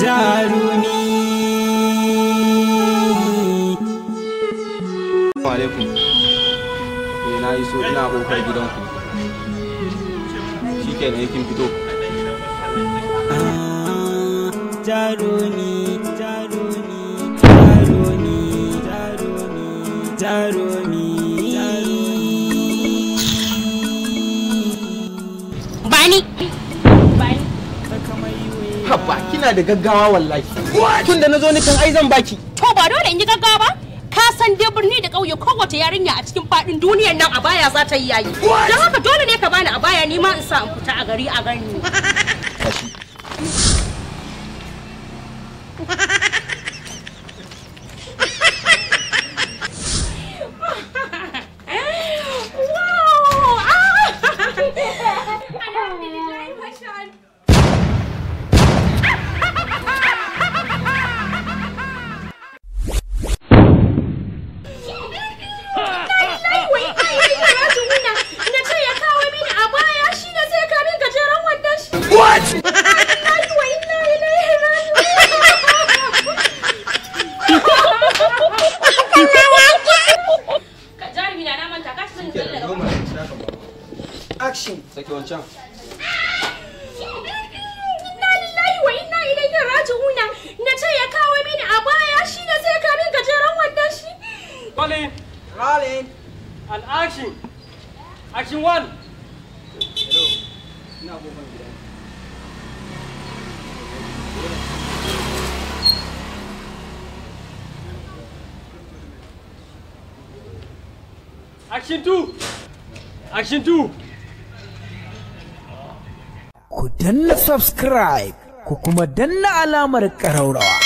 jarumi alaikum eh, na iso gidanku ah, jarumi Haba kina da gaggawa wallahi. Tun da na zo ni kan ai zan baki. To ba dole in yi gaggawa ba. Ka san dai birni da ƙauye kowace yarinya a cikin faɗin duniyar nan a baya za ta yi yayi. Don haka dole ne ka bani a baya ni ma in sa in fita a gari a gani. Action. Take your Inna lillahi action. Action one. Hello. Action two. Action two. ku danna subscribe ku kuma danna alamar ƙaraurawa